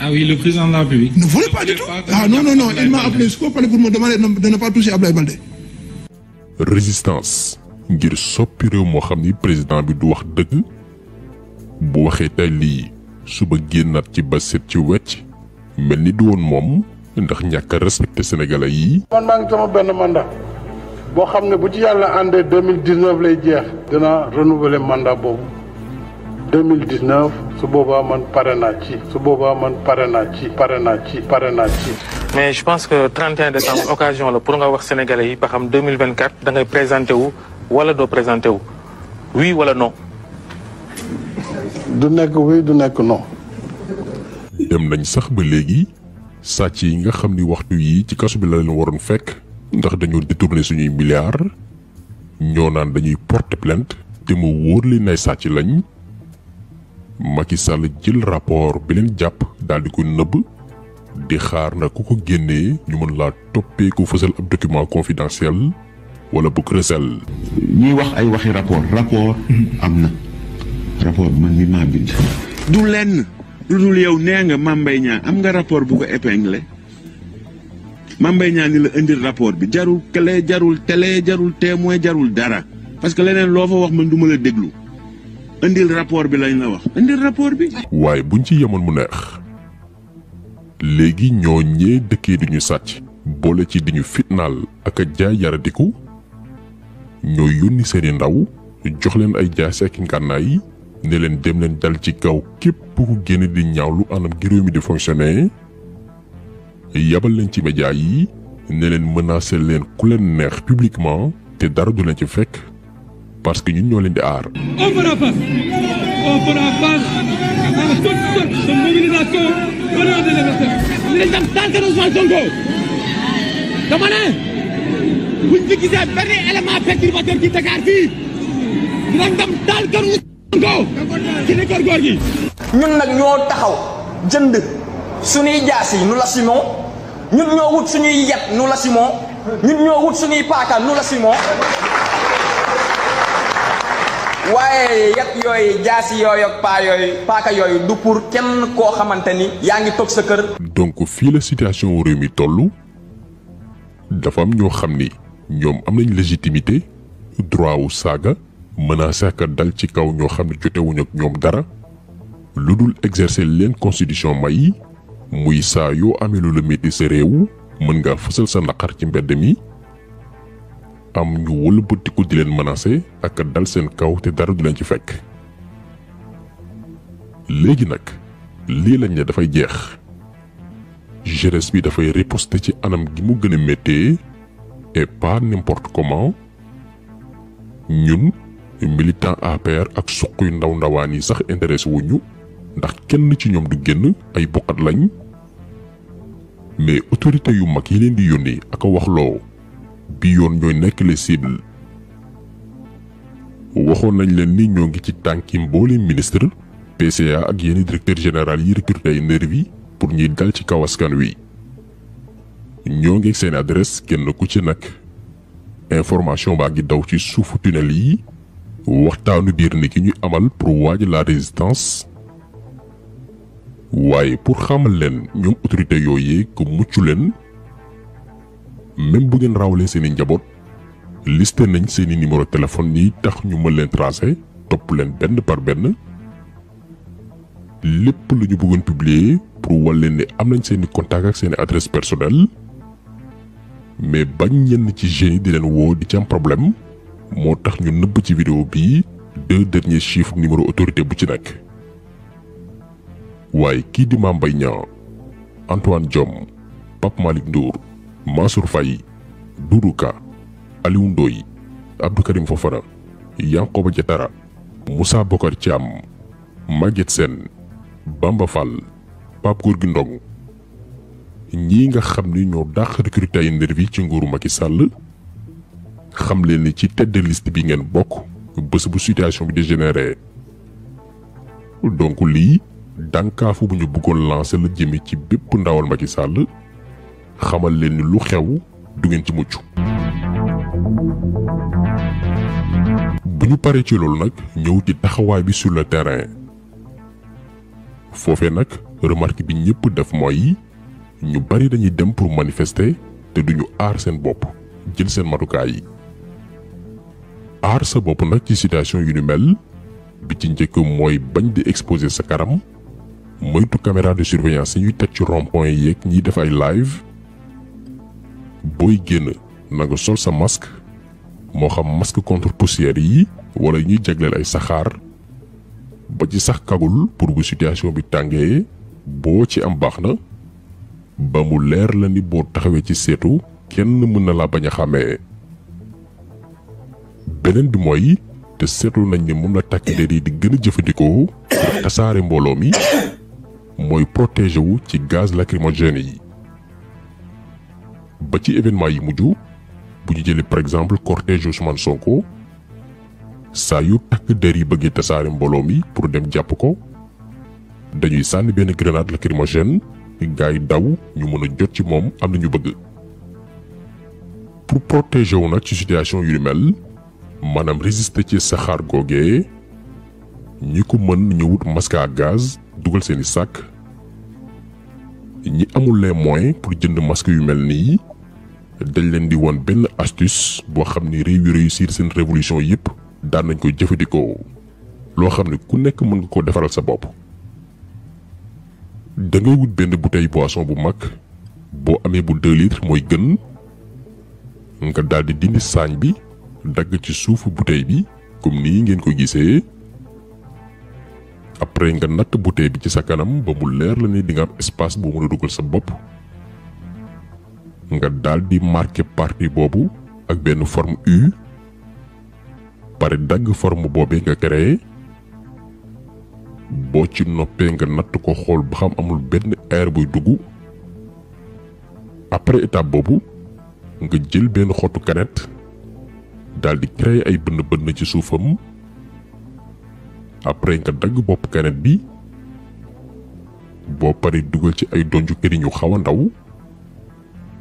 ah oui, le président de la République. Ne voulait pas du tout. Ah non, non, non, il m'a appelé ce palais pour me demander de ne pas toucher Ablaye Baldé. Résistance. Il soppi au moo xam président bi du wax dëgg bu waxee tey lii suba génnaat ci ba set ci du ndax ñàkk a respecté sénégalais yi. man maa ngi sama benn mandat boo xam ne bu ci yàlla àndee deux mille dix neuf lay jeex. dina renouveler mandat boobu deux mille dix neuf su boobaa man pare naa ci. su boobaa man pare naa ci. pare naa ci pare naa ci. mais je pense que 31 décembre occasion la pour nga wax sénégalais yi ba xam 2024 da ngay présenté wu wala doo présenté wu oui wala non. du nekk oui du nekk non. dem nañ sax ba léegi. Sachin yi nga xam ni waxtu yi ci kaso bi la leen waroon fekk ndax dañoo détourné suñuy milliard ñoo naan dañuy porter plainte te mu wóor li nay sàcc lañ Macky Sall jël rapport bi leen jàpp daal di ko nëbb di xaar na ku ko génnee ñu mën laa toppee ku fësal ab document confidentiel wala bu kërësal ñuy wax ay waxi rapport rapport am na rapport man mi maa bind du lenn lu dul yow nee nga Mame am nga rapport bu ko épinglé Mame Mbaye ni la indil rapport bi jarul clé jarul télé jarul témoin jarul dara parce que leneen loo fa wax man du ma la déglu indil rapport bi lañ la wax indil rapport bi. waaye buñ ci yemoon mu neex léegi ñoo ñee dëkkee duñu sàcc. boole ci diñu fitnaal ak a jaay yaradiku ñoo yónni seeni ndaw jox leen ay jaase ak ngànnaay ne leen dem dal ci kaw képp ku génn di ñaawlu anam gi réew di fonctionner yabal leen ci média yi ne leen menacer leen ku leen neex publiquement te dara du leen ci fekk parce que ñun ñoo leen di aar. on fera face on fera face à toute sorte de mobilisation venant de l'extérieur. li ñu dem tànk Ousmane Sonko dama ne buñ fi gisee benn élément perturbateur ci ñun nag ñoo taxaw jënd suñuy jaas yi nu la simon ñun ñoo wut suñuy yet nu la simon ñun ñoo wut suñuy paaka nu la waaye yet yooyu jaasi yooyu paa yooyu du pour kenn koo xamante ni yaa ngi toog sa kër. donc fii la situation réew mi toll dafa am ñoo xam ni ñoom am nañ légitimité droit wu saaga. menacer ak dal ci kaw ñoo xam ne jotewuñ ak ñoom dara lu dul exercer leen constitution may muy saa yoo amee lu la metti sa réew mën ngaa fësal sa naqar ci mbedd mi am ñu wëlbatiku di leen menacer ak dal seen kaw te dara du leen ci fekk léegi nag lii lañ ne dafay jeex jeunesse bi dafay riposter ci anam gi mu gën a méttee et pas n'importe comment ñun militant APR ak suq yu ndaw ndawaan yi sax intéressé wuñu ndax kenn ci ñoom du génn ay bokkat lañ mais autorité yu mag yi leen di yónnee aka wax loo bi yoon ñooy nekk les cibles waxoon nañ leen ni ñoo ngi ci tànki mboole ministre PCA ak yenn directeur général yi recruté ay nervi pour ñuy dal ci kaw askan wi ñoo ngi seen adresse kenn ku ci nag information baa ngi daw ci suufu tunnel yi waxtaanu biir ni ki ñuy amal pour waaj la résistance waaye pour xamal leen ñoom autorité yooyee ko mucc leen même buggeen ngeen rawalee seeni njaboot liste nañ seeni numéro téléphone yi tax ñu mën leen tracé topp leen benn par benn lépp lu ñu bëggoon publier pour wal leen ne am nañ seeni contact ak seeni adresse personnelle mais bañ ñenn ci jeunes di leen woo di ci am problème moo tax ñu nëbb ci vidéo bii deux derniers chiffres numéro autorité bu ci nekk. waaye kii di Mame Mbaye Niang Antoine Diome Pape Malick Ndour Mansour Faye Doudou Ka Aliou Ndoye Abdou Karim Fofana Yankhoba Diattara Moussa Bokar Thiam Maguette Ndong ñii nga xam ni ñoo dàq recruter ay nervi ci nguuru Macky sàll xam leen ni ci tête de liste bi ngeen bokk bés bu situation bi dégénéré donc lii dànkaafu bu ñu bëggoon lancer la jëme ci bépp ndawal Macky Sall xamal leen ni lu xew du ngeen ci mucc bu ñu paree ci loolu nag ñëw ci taxawaay bi sur le terrain foofee nag remarque bi ñëpp def mooy ñu bari dañuy dem pour manifester te duñu aar seen bopp jël seen matukaay ar sa bop nak ci citation yu ni mel bi ci njëkk moy bañ di exposer sa karam moytu caméra de surveillance ñuy tecc rond point yek ñi def ay live booy génn nanga sol sa masque mo xam masque contre poussière yi wala ñuy jagleel ay saxar ba ci sax kagul pour bu situation bi tangé bo ci am baxna ba mu lèr la ni bo taxawé ci sétu kenn mëna la baña xamé beneen bi mooy te seetlu nañ ne moom la takk der yi di gën a jëfandikoo pour tasaare mbooloo mi mooy protéger wu ci gaz lacrymogène yi ba ci événement yi mujj bu ñu jëlee par exemple cortège Ousmane Sonko saa yu takk der yi bëggee tasaare mbooloo mi pour dem jàpp ko dañuy sànni benn grenade lacrymogène gars yi daw ñu mën a jot ci moom am na ñu bëgg pour protéger wu nag ci situation yu mel. maanaam résister ci saxaar googee ñi ko mën ñu wut masque gaz dugal seeni sàkk ñi amul les moyens pour jënd masque yu mel nii dañ leen di woon benn astus boo xam ni réew yu réussir seen révolution yépp daan nañ ko jëfandikoo loo xam ne ku nekk mën nga ko defaral sa bopp da nga wut benn bouteille boisson bu mag boo amee bu deux litres mooy gën nga daal di dindi saañ bi dagg ci suufu bouteille bi comme nii ngeen ko gisee après nga natt bouteille bi ci sa kanam ba mu leer la ni di nga am espace boo mën a dugal sa bopp nga daal di marqué partie boobu ak benn forme U pare dagg forme boobee nga créé boo ci noppee nga natt ko xool ba xam amul benn air buy dugg après étape boobu nga jël benn xottu canette daaldikay ay bënd bënd ci suufam après nga dagg bopp kanet bi bo paree duggal ci ay donju kër yu xaw a ndaw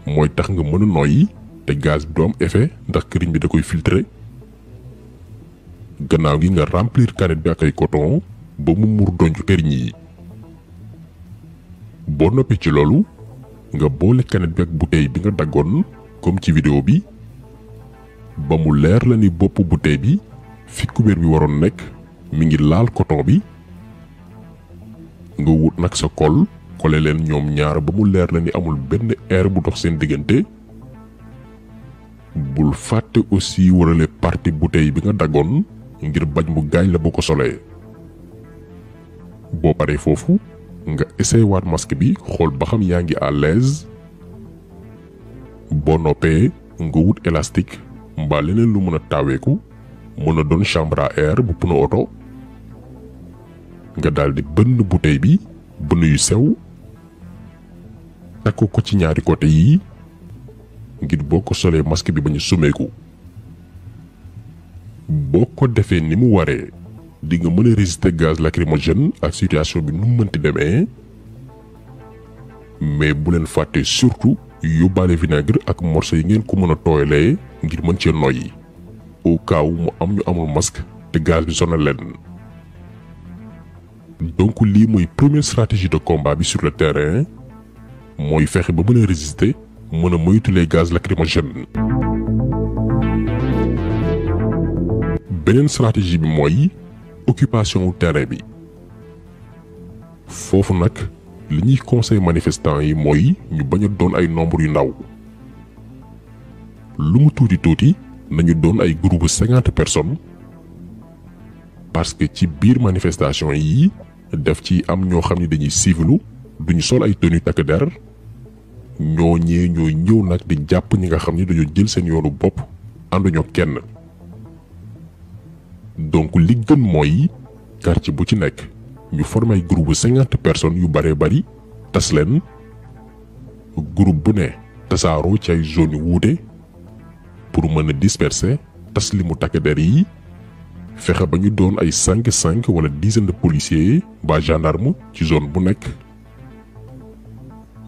mooy tax nga mën a noyyi te gaz bi du am effet ndax këriñ bi da koy filtrer gannaaw gi nga remplir kanet bi ak ay coton ba mu mur donju kër yi boo noppee ci loolu nga boole kanet bi ak bouteille bi nga daggoon comme ci vidéo bi ba mu leer la ni bopp bouteille bi fi kubéer bi waroon nekk mu ngi laal coton bi nga wut nag sa kol kole leen ñoom ñaar ba mu leer la ni amul benn air bu dox seen diggante bul fàtte aussi warale partie bouteille bi nga daggoon ngir bañ mu gaañ la boo ko solee boo paree foofu nga essayé waat masque bi xool ba xam yaa ngi à boo noppee nga wut élastique mbaa leneen lu mën a taaweeku mën a doon chambre air bu pneu oto nga daal di bënn bouteille bi bënn yu sew takk ko ci ñaari côté yii ngir boo ko solee masque bi bañ a sumeeku boo ko defee ni mu waree di nga mën a résister gaz lacrymogène ak situation bi nu mënti demee mais bu leen fàtte surtout. yóbbaale vinaigre ak morceau yi ngeen ko mën a tooyalee ngir mën ci noyyi au cas mu am ñu amul masque te gaz bi sonal leen. lii mooy première stratégie de combat bi sur le terrain mooy fexe ba mën a résister mën a moytu les gaz lacrymogènes. beneen stratégie bi mooy occupation terrain bi foofu nag. liñuy conseil manifestant yi moy ñu baña doon ay nombre yu ndaw lu mu tuuti tuuti nañu doon ay groupe 50 personnes parce que ci biir manifestation yi daf ci am ñoo xamni dañuy civilu duñu sol ay tenue tak der ñoo ñe ñooy ñew nak di japp ñi nga xamni dañu jël seen yoonu andu ànduñoo kenn donc li gën moy quartier bu ci nekk ñu formé group groupe bu personnes yu bëree bëri tas leen groupe bu ne tasaaroo ci ay zone yu wuute pour mën a disperser tas li mu takk der yi fexe ba ñu doon ay cinq cinq wala dizaine de policiers ba gendarme ci zone bu nekk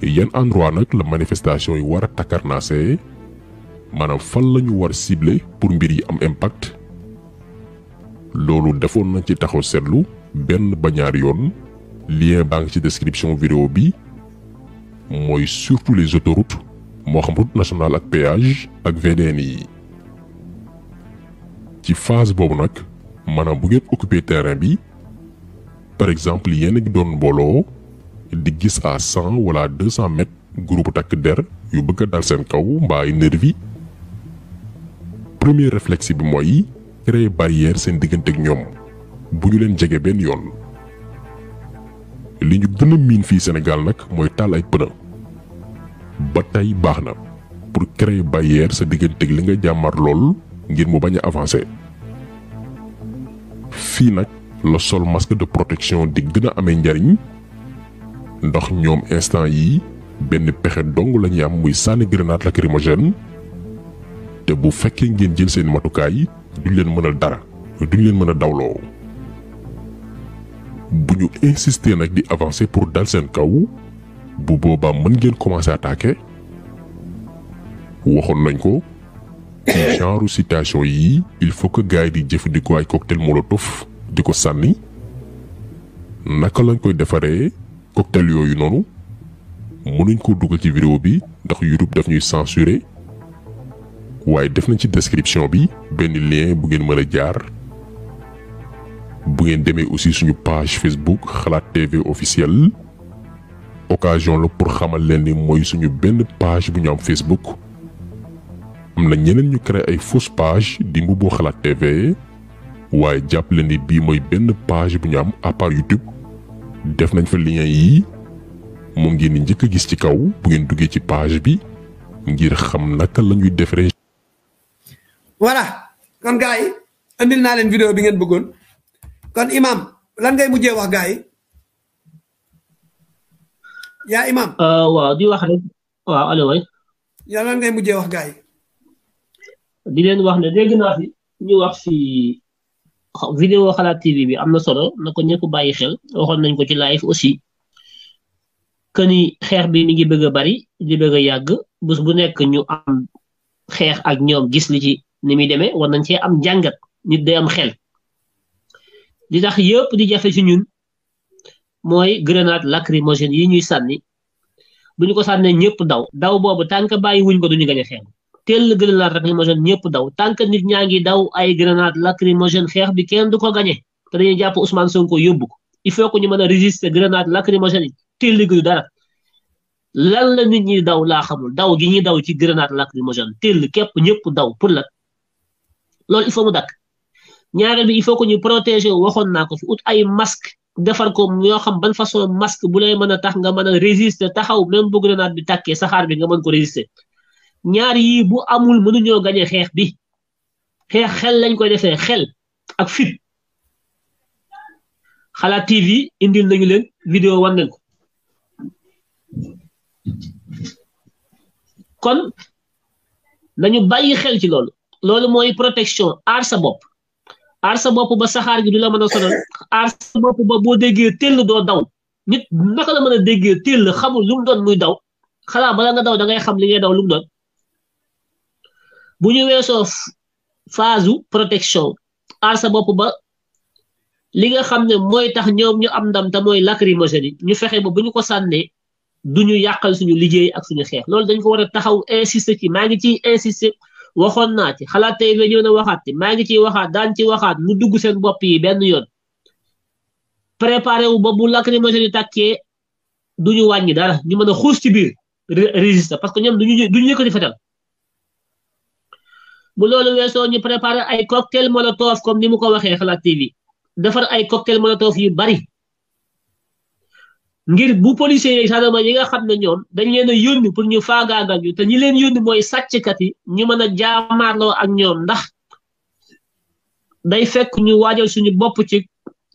yan endroit nag la manifestation yi war a takkarnaasee maanaam fan la ñu war cibler pour mbir yi am impact loolu defoon na ci taxaw seetlu ben bagnar yon lien dans la description de la vidéo bi moy surtout les autoroutes mo xam route nationale ak péage ak VDN yi ci phase bobu nak manam bu ngeen occuper terrain par exemple yene ngi don bolo di gis à 100 wala 200 mètres groupe tak der yu bëgg dal sen kaw mba nervi premier réflexe bi moy créer barrière sen digënté ak ñom buñu len leen ben yoon liñu gëna min fi Sénégal nak moy tal ay pneu ba tay baxna pour créer barrière sa digënté li nga jamar lool ngir mu baña avancer fi nak la sol masque de protection di gëna amé ndariñ ndox ñom instant yi ben pexé dong lañu am muy sànni grenade lacrymogène te bu fekkee ngeen jël seen matukaay duñ leen mëna dara duñ leen mëna dawlo bu ñu insister nag di avancer pour dal seen kaw bu boobaa mën ngeen commencer attaquer waxoon nañ ko ci genre situation yi il faut que gars yi di jëfandikoo ay cocktail molotov di ko sànni naka lañ koy defaree cocktail yooyu noonu mënuñ ko dugal ci vidéo bi ndax YouTube daf ñuy censurer waaye def nañ ci description bi benn lien bu ngeen mën a jaar bu ngeen demee aussi suñu page Facebook xalaat TV officiel occasion la pour xamal leen ni mooy suñu benn page bu ñu am Facebook am na ñeneen ñu créé ay fausse page di mbubboo xalaat TV waaye jàpp leen ni bii mooy benn page bu ñu am à part YouTube def nañ fa lien yi moom ngeen di njëkk a gis ci kaw bu ngeen duggee ci page bi ngir xam naka la ñuy defaree. voilà kon gars yi andil naa leen vidéo bi ngeen bëggoon. kon imam lan ngay mujjé wax gay ya imam euh wa di wax rek Wa alo way ya lan ngay mujjé wax gay. di len wax ne deg na fi ñu wax fi vidéo xalaat tv bi amna solo nako ñepp bayyi xel waxon nañ ko ci live aussi kani xex bi mi ngi bëgg bari di bëgg yagg bus bu nekk ñu am xex ak ñoom gis li ci ni mi démé war nañ ci am jangat nit day am xel li tax yépp di jafe ci ñun mooy grenade lacrymogène yi ñuy sànni bu ñu ko sànnee ñëpp daw daw boobu tant que bàyyi wuñ ko duñu gañ a xeex teel grenade lacrymogène ñëpp daw tant nit ñaa ngi daw ay grenade lacrymogène xeex bi kenn du ko gañe te dañuy jàpp Ousmane Sonko yóbbu ko il faut que ñu mën a résister grenade lacrymogène teel gi du dara lan la nit ñi daw laa xamul daw gi ñuy daw ci grenade lacrymogène teel képp ñëpp daw pour la loolu il faut mu dakk ñaareel bi il faut que ñu waxoon naa ko fi ut ay masque defar ko yoo xam ban façon masque bu lay mën a tax mën a résister taxaw même bu grenade bi tàkkee saxaar bi nga mën ko résister ñaar yii bu amul mënuñoo gañe xeex bi xeex xel lañ koy defee xel ak fit xalaat TV indil nañu leen vidéo wan nañ ko kon nañu bàyyi xel ci loolu loolu mooy protection aar sa bopp aar sa bopp ba saxaar gi du la mën a sonal aar sa bopp ba boo déggee tell doo daw nit naka la mën a déggee tell xamul lu mu doon muy daw xanaa bala nga daw da ngay xam li ngay daw lu mu doon bu ñu weesoo phase protection aar sa bopp ba li nga xam ne mooy tax ñoom ñu am ndam te mooy lacrymogène yi ñu fexe ba bu ñu ko sànnee du ñu yàqal suñu liggéey ak suñu xeex loolu dañ ko war taxaw insister ci maa ngi ciy insister. waxoon naa ci xalaat tey ba ñëw waxaat ci maa ngi ciy waxaat daan ci waxaat mu dugg seen bopp yi benn yoon préparé wu ba bu lacrymogène yi tàkkee du ñu wàññi dara ñu mën a xuus ci biir résister parce que ñoom du ñu du ñu yëkkati fetal bu loolu weesoo ñu préparé ay cocktail molotov comme ni mu ko waxee xalaat TV defar ay cocktail molotov yu bari ngir bu policiers yi gendarme yi nga xam ne ñoom dañ leen a yónni pour ñu faagaagal ñu te ñi leen yónni mooy sàcckat yi ñu mën a jaamaarloo ak ñoom ndax day fekk ñu waajal suñu bopp ci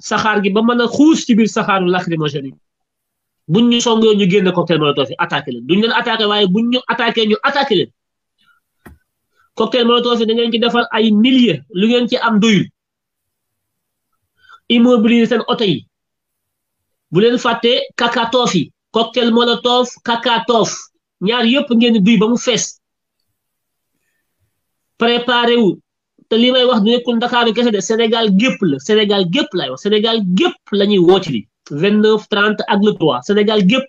saxaar gi ba mën a xuus ci biir saxaaru lacrymogène yi buñ ñu songee ñu génne cocktail molotov yi attaqué leen duñ leen attaqué waaye buñ ñu attaqué ñu attaqué leen cocktail molotov yi da ngeen ci defar ay milliers lu ngeen ci am doyul immobiliser seen oto yi bu leen fàtte kakatoof yi cocktail molotov kakatoof ñaar yëpp ngeen duy ba mu fees préparé wu te li may wax du nekkul ndakaaru kese de Sénégal gépp la Sénégal gépp laay wax Sénégal gépp la ñuy woote li vingt neuf trente ak le trois Sénégal gépp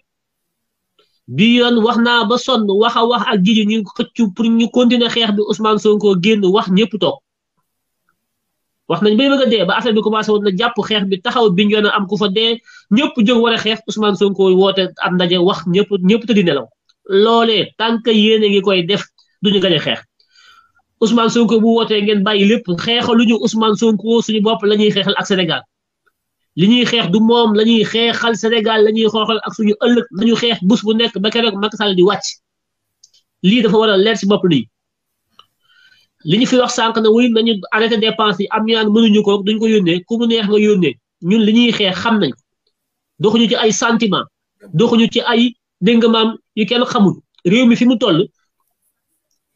bi yoon wax naa ba sonn wax a wax ak jiji ñu xëccu pour ñu continuer xeex bi Ousmane Sonko génn wax ñëpp toog wax nañ bay bëgg a dee ba affaire bi commencé woon na jàpp xeex bi taxaw binjoon am ku fa dee ñëpp jóg war a xeex Ousmane Sonko woote ab ndaje wax ñëpp ñëpp tëddi nelaw loolee tant que yéen a ngi koy def duñu gañ a xeex Ousmane Sonko bu wootee ngeen bàyyi lépp xeexaluñu Ousmane Sonko suñu bopp la ñuy xeexal ak Sénégal li ñuy xeex du moom la ñuy xeexal Sénégal la ñuy xooxal ak suñu ëllëg nañu xeex bus bu nekk ba keroog Macky Sall di wàcc lii dafa war a leer si bopp nii li ñu fi wax sànq ne wuy nañu arrêté dépense yi am ñu naan mënuñu ko duñ ko yónnee ku mu neex nga yónnee ñun li ñuy xeex xam nañ ko doxuñu ci ay sentiment doxuñu ci ay dégg maam yu kenn xamul réew mi fi mu toll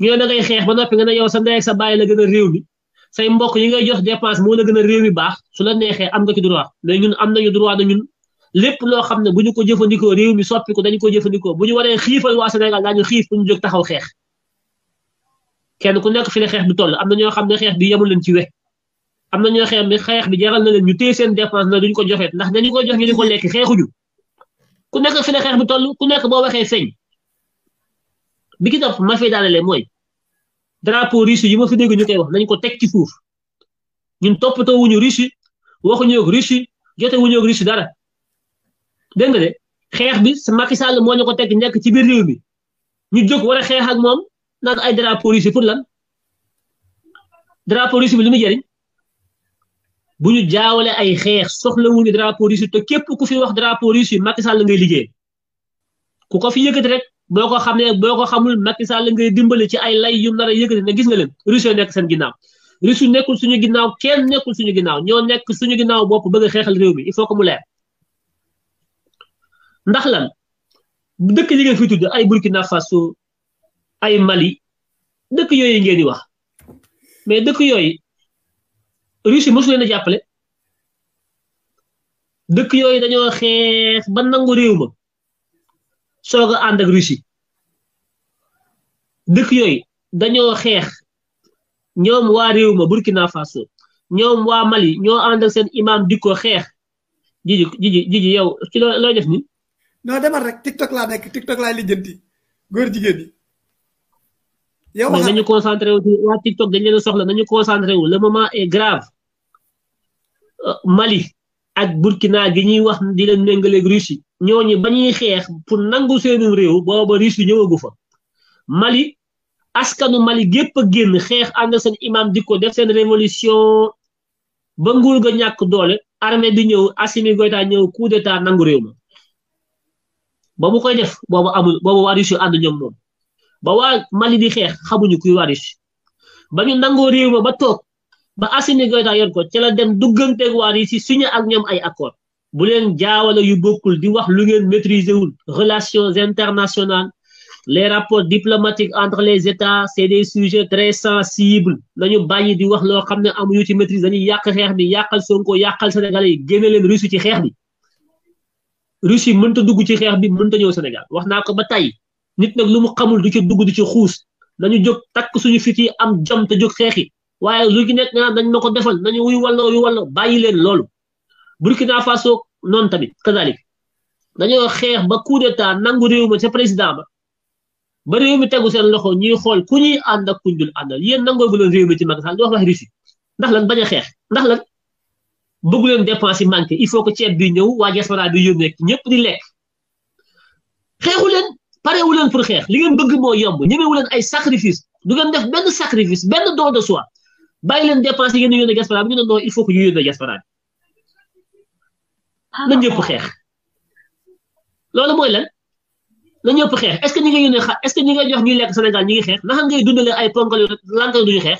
ñu ne da ngay xeex ba noppi nga ne yow sa ndey sa bàyyi la gën a réew mi say mbokk yi ngay jox dépense moo la gën a réew mi baax su la neexee am nga ci droit mais ñun am nañu droit na ñun lépp loo xam ne bu ñu ko jëfandikoo réew mi soppi ko dañu ko jëfandikoo bu ñu waree xiifal waa Sénégal daañu xiif bu ñu taxaw xeex kenn ku nekk fi la xeex bi toll am na ñoo xam ne xeex bi yemul leen ci we am na ñoo xam ne xeex bi jaral na leen ñu téye seen dépense na duñ ko joxe ndax dañu ko jox ñu di ko lekk xeexuñu ku nekk fi la xeex bi toll ku nekk boo waxee feeñ bi ki topp ma fi daanale mooy drapeau russe yi ma fi dégg ñu koy wax nañ ko teg ci suuf ñun toppatoo wuñu russe waxuñu ak russe jote wuñu ak russe dara dégg nga de xeex bi Macky Sall moo ñu ko teg nekk ci biir réew mi ñu jóg war a xeex ak moom. naan ay drapeau russe pour lan bi lu mu jëriñ bu ñu jaawale ay xeex soxlawuñu drapeau russe te képp ku fi wax drapeau russe Macky Sall ngay liggéey ku ko fi yëkkati rek boo ko xamee boo ko xamul Macky Sall ngay dimbali ci ay lay yu nar a yëkkati ne gis nga leen russe nekk seen ginnaaw russe nekkul suñu ginnaaw kenn nekkul suñu ginnaaw ñoo nekk suñu ginnaaw bopp ba a xeexal réew mi il faut mu leer ndax lan dëkk yi fi tudd ay Burkina Faso ay Mali dëkk yooyu ngeen di wax mais dëkk yooyu Russie mosu leen a jàppale dëkk yooyu dañoo xeex ba nangu réew ma soog a ànd ak Russie dëkk yooyu dañoo xeex ñoom waa réew ma Burkina Faso ñoom waa Mali ñoo ànd ak seen imam di ko xeex jiji jiji jiji yow ci loo looy def ni non demal rek TikTok laa nekk TikTok laay lijjanti góor jigéen yow ma ah, nañu concentré wu waa TikTok dañ leen soxla nañu concentré wu le moment est grave euh, Mali ak Burkina gi ñuy wax di leen méngaleeg Russie ñooñu ba ñuy xeex pour nangu seenu réew booba Russie ñëwagu fa Mali askanu Mali gépp a génn xeex ànd seen imam di ko def seen révolution ba nguur ga ñàkk doole armée di ñëw Assimi Goïta ñëw coup d'état nangu réew ma ba mu koy def boobu amul boobu waa Russie ànd ñoom moom. ba wa Mali di xex xamuñu kuy Waris ba ñu nango rew ba tok ba Assimi yor ko ci la dem ak Waris ci suñu ak ñom ay accord bu len jaawala yu bokul di wax lu ngeen maîtriser wul relations internationales les rapports diplomatiques entre les États c'est des sujets très sensibles lañu di wax lo xamne amuñu ci maîtrise dañuy yak xex bi yakal Sonko yakal Sénégalais yi génne leen ci xex bi mën ta dugg ci xex bi ta ñew Sénégal waxna ko ba tay nit nak lu mu xamul du ci dugg du ci xuus dañu jog tak suñu fit yi am jam te jog xexi waye lu gi nek nga dañ nako defal nañu wuy walla wuy walla bayi len loolu burkina faso non tamit kazalik dañu xex ba coup d'état nangu rew ma ci président ba ba rew mi teggu sen loxo ñi xol ku ñi and ak kuñ dul andal yeen nangoo bu leen réew mi ci makka Sall do wax wax ndax lan baña a ndax lan bëggu leen dépenses yi manqué il faut que ceeb bi ñëw waa diaspora bi yónnee ñëpp di lekk xeexu leen parewu leen pour xeex li ngeen bëgg moo yomb ñemewu leen ay sacrifice du ngeen def benn sacrifice benn don de soi bàyyi leen dépense yi ngeen di yónnee diaspora bi ñu ne non il faut que ñu yónnee diaspora bi ah, na ñëpp xeex loolu mooy lan na ñëpp xeex est ce que ñi nga yónnee xa est ce que ñi nga jox ñuy lekk Sénégal ñi ngi xeex naka ngay dundalee ay ponkal yu lank duñu xeex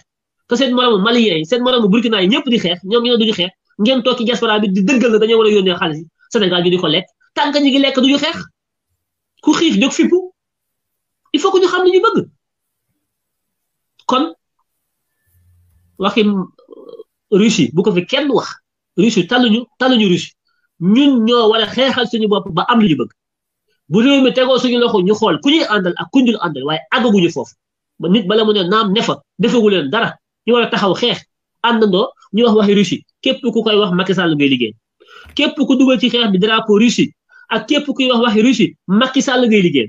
que seen moromu malien yi seen moromu burkina yi ñëpp di xeex ñoom ñu ne duñu xeex ngeen toog ci diaspora bi di dëggal na dañoo war a yónnee xaalis Sénégal ñu di ko lekk tant que ñi ngi lekk duñu xeex ku xiif jóg fippu il faut que ñu xam li ñu bëgg kon waxi euh, Russie bu ko fi kenn wax Russie taluñu taluñu Russie ñun ñoo war a xeexal suñu bopp ba am li ñu bëgg bu réew mi tegoo suñu loxo ñu xool ku ñuy àndal ak ku ñu dul àndal waaye àggaguñu foofu ba nit bala mu ne naam ne fa defagu leen dara ñu war a taxaw xeex àndandoo ñu wax waxi Russie képp ku koy wax Macky Sall ngay liggéey képp ku dugal ci xeex bi drapeau Russie ak képp kuy wax waxi Russie Macky Sall ngay liggéey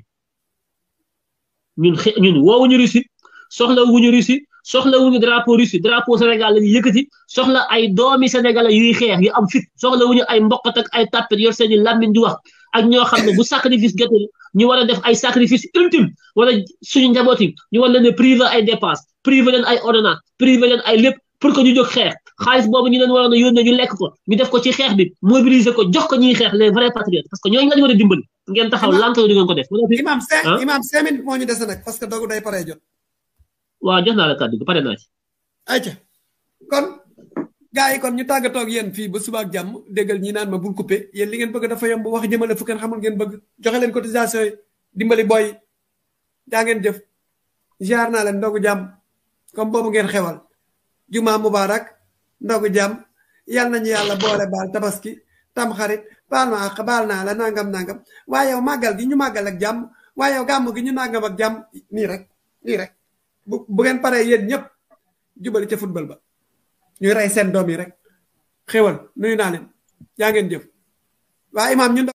ñun xe ñun ñu Russie soxla wuñu Russie soxla wuñu drapeau Russie drapeau Sénégal la ñuy yëkkati soxla ay doomi Sénégal yuy xeex yu am fit soxla wuñu ay mboqat ak ay tàppet yor seeni làmmiñ di wax ak ñoo xam ne bu sacrifice gerte ñu war a def ay sacrifice ultime wala suñu njaboot yi ñu war leen privé ay dépenses privé leen ay ordonnances privé leen ay lépp pour que ñu jóg xeex xaalis boobu ñu leen waroon a yónnee ñu lekk ko ñu def ko ci xeex bi mobiliser ko jox ko ñuy xeex les vrais que ñooñu lañu war a dimbali ngeen taxaw lànk du ngeen ko def. imaam cinq moo ñu dese nag parce que dogu day pare jot. waaw jox naa la kàddu gi pare naa ci. kon gaa yi kon ñu tàggatoo ak yéen fii ba suba ak jàmm déggal ñi naan ma bul coupé yéen li ngeen bëgg dafa yomb wax jëmale fu ngeen xamul ngeen bëgg joxe leen cotisation yi dimbali boy yi daa ngeen jëf jaar naa leen ndogu jàmm comme boobu ngeen xewal juma mubarak ndogu jàmm yal nañu yàlla boole baal tabaski tam xarit baal ma àq baal naa la nangam nangam waaye yow màggal gi ñu màggal ak jàmm waaye yow gàmm gi ñu nangam ak jàmm nii rek nii rek bu bu ngeen paree yéen ñëpp jubali ca football ba ñu rey seen doom yi rek xéwal nuyu naa leen yaa ngeen jëf waa imaam ñu